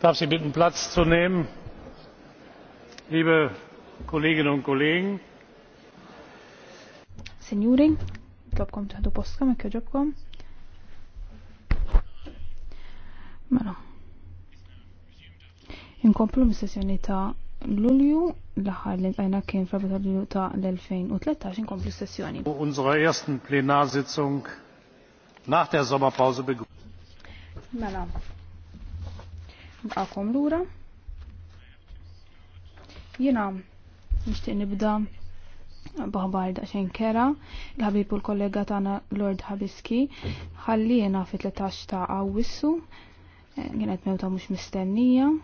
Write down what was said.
darf sie bitten platz zu nehmen. liebe kolleginnen und kollegen Signori, ġobkom taħdu postka, mekk ġobkom. Mela. Inkomplu mis-sessjoni ta' Lulju, l-aħħar li għajna kien fl ta' Lulju ta' l-2013, inkomplu s-sessjoni. Unsere ersten Plenarsitzung nach der Sommerpause begrüßen. Mela, l lura. Jiena nixtieq nibda b'ħabar daċen kera, l-ħabib u l-kollega tagħna Lord Habiski ħallina fi 13 ta' Awwissu kienet eh, mewta mhux mistennija.